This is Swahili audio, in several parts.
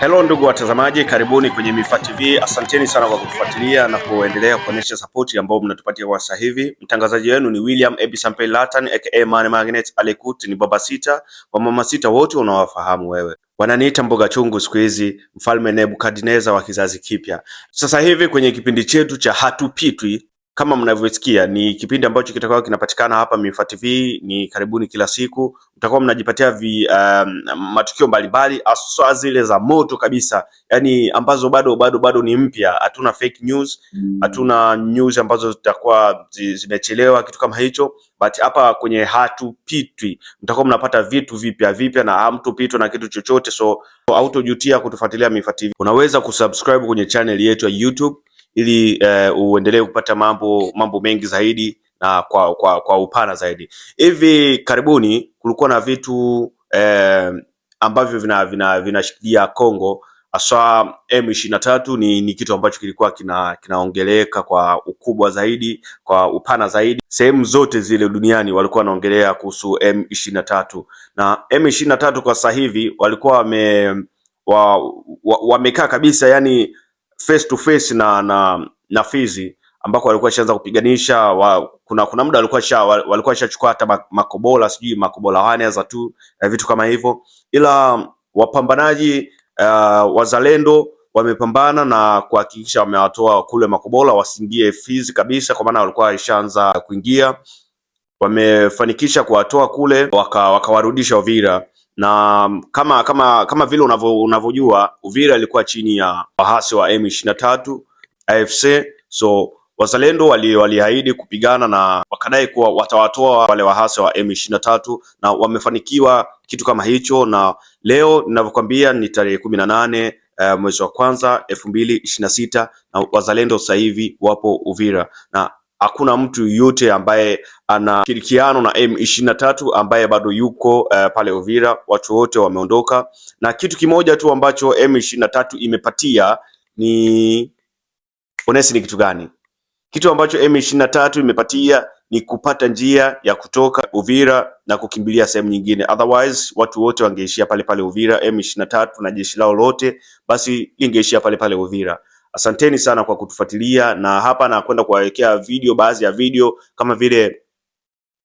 Hello ndugu watazamaji, karibuni kwenye Mifa TV. Asanteni sana kwa kutufuatilia na kuendelea kuonyesha support ambayo mnatupatia kwa sasa hivi. Mtangazaji wenu ni William Sampei Latan aka Man Magnet Alekut, ni baba sita wa mama sita, wote unawafahamu wewe. Wananiita mboga chungu siku hizi, mfalme Nebukadneza wa kizazi kipya. Sasa hivi kwenye kipindi chetu cha hatupitwi kama mnavyosikia ni kipindi ambacho kitakuwa kinapatikana hapa Mifa TV, ni karibuni kila siku mtakuwa mnajipatia vi, um, matukio mbalimbali hasa zile za moto kabisa, yani ambazo bado bado bado ni mpya, hatuna fake news, mm. hatuna news ambazo zitakuwa zimechelewa kitu kama hicho, but hapa kwenye hatupitwi, mtakuwa mnapata vitu vipya vipya na hamtupitwa na kitu chochote, so hautojutia kutufuatilia Mifa TV. Unaweza kusubscribe kwenye channel yetu ya YouTube ili uh, uendelee kupata mambo mambo mengi zaidi na kwa, kwa, kwa upana zaidi. Hivi karibuni kulikuwa na vitu eh, ambavyo vinashikilia vina, vina Kongo haswa M23 ni, ni kitu ambacho kilikuwa kina kinaongeleka kwa ukubwa zaidi kwa upana zaidi, sehemu zote zile duniani walikuwa wanaongelea kuhusu M23 na M23 kwa sasa hivi walikuwa wame wa, wa, wamekaa kabisa yani face to face na na na Fizi ambako walikuwa shaanza kupiganisha wa, kuna kuna muda walikuwa sha, walikuwa shachukua hata makobola sijui makobola wane za tu eh, vitu kama hivyo, ila wapambanaji uh, wazalendo wamepambana na kuhakikisha wamewatoa kule makobola wasiingie Fizi kabisa, kwa maana walikuwa ishaanza kuingia. Wamefanikisha kuwatoa kule wakawarudisha waka Uvira na mm, kama kama kama vile unavyojua Uvira ilikuwa chini ya wahasi wa M23 AFC, so wazalendo waliahidi wali kupigana na wakadai kuwa watawatoa wale wahasi wa M23 na wamefanikiwa kitu kama hicho, na leo ninavyokwambia ni tarehe kumi na nane eh, mwezi wa kwanza elfu mbili ishirini na sita na wazalendo sasa hivi wapo Uvira na hakuna mtu yoyote ambaye ana shirikiano na M23 ambaye bado yuko uh, pale Uvira. Watu wote wameondoka, na kitu kimoja tu ambacho M23 imepatia ni onesi. Ni kitu gani? Kitu ambacho M23 imepatia ni kupata njia ya kutoka Uvira na kukimbilia sehemu nyingine, otherwise watu wote wangeishia pale pale Uvira. M23 na jeshi lao lote basi lingeishia pale pale Uvira. Asanteni sana kwa kutufuatilia, na hapa nakwenda kuwawekea video, baadhi ya video kama vile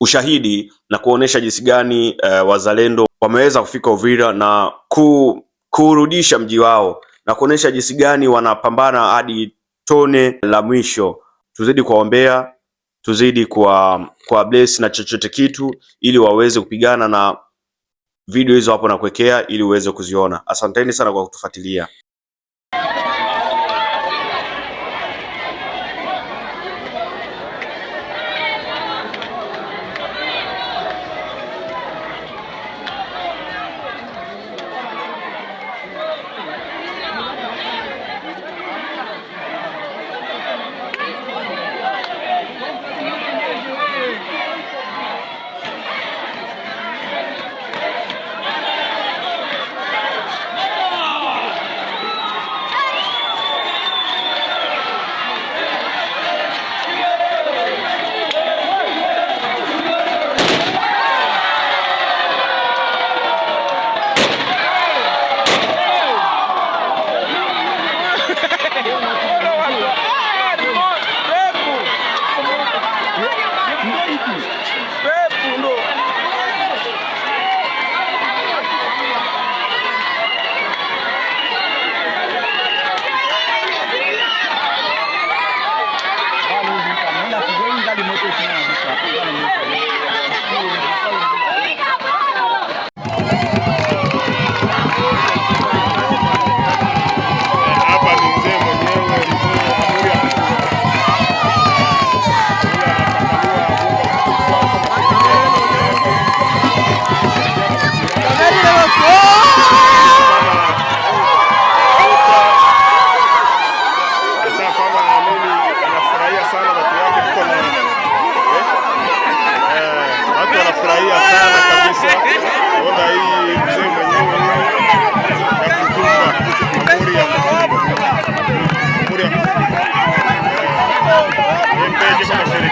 ushahidi na kuonesha jinsi gani uh, wazalendo wameweza kufika Uvira na ku, kuurudisha mji wao na kuonesha jinsi gani wanapambana hadi tone la mwisho. Tuzidi kuwaombea, tuzidi kwa kwa bless na chochote kitu, ili waweze kupigana na video hizo hapo na kuwekea, ili uweze kuziona. Asanteni sana kwa kutufuatilia.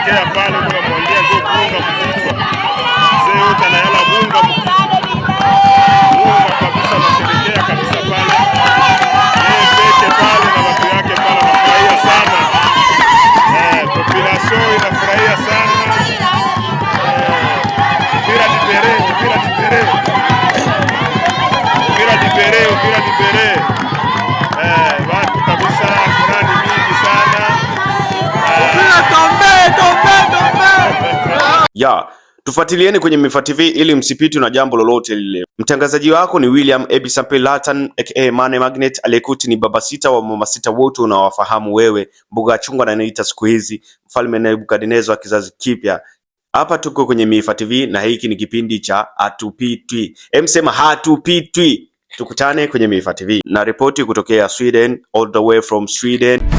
kutokea pale, kuna kuongea kufunga kufungwa ya tufuatilieni kwenye Mifa TV ili msipitwe na jambo lolote lile. Mtangazaji wako ni William Ebisampe Latan aka Mane Magnet, aliyekuti ni baba sita wa mama sita wote unawafahamu wewe, mboga chungwa chungwa nanaita siku hizi, mfalme Nebukadnezar wa kizazi kipya. Hapa tuko kwenye Mifa TV na hiki ni kipindi cha hatupitwi, emsema hatupitwi. Tukutane kwenye Mifa TV na ripoti kutokea Sweden, all the way from Sweden.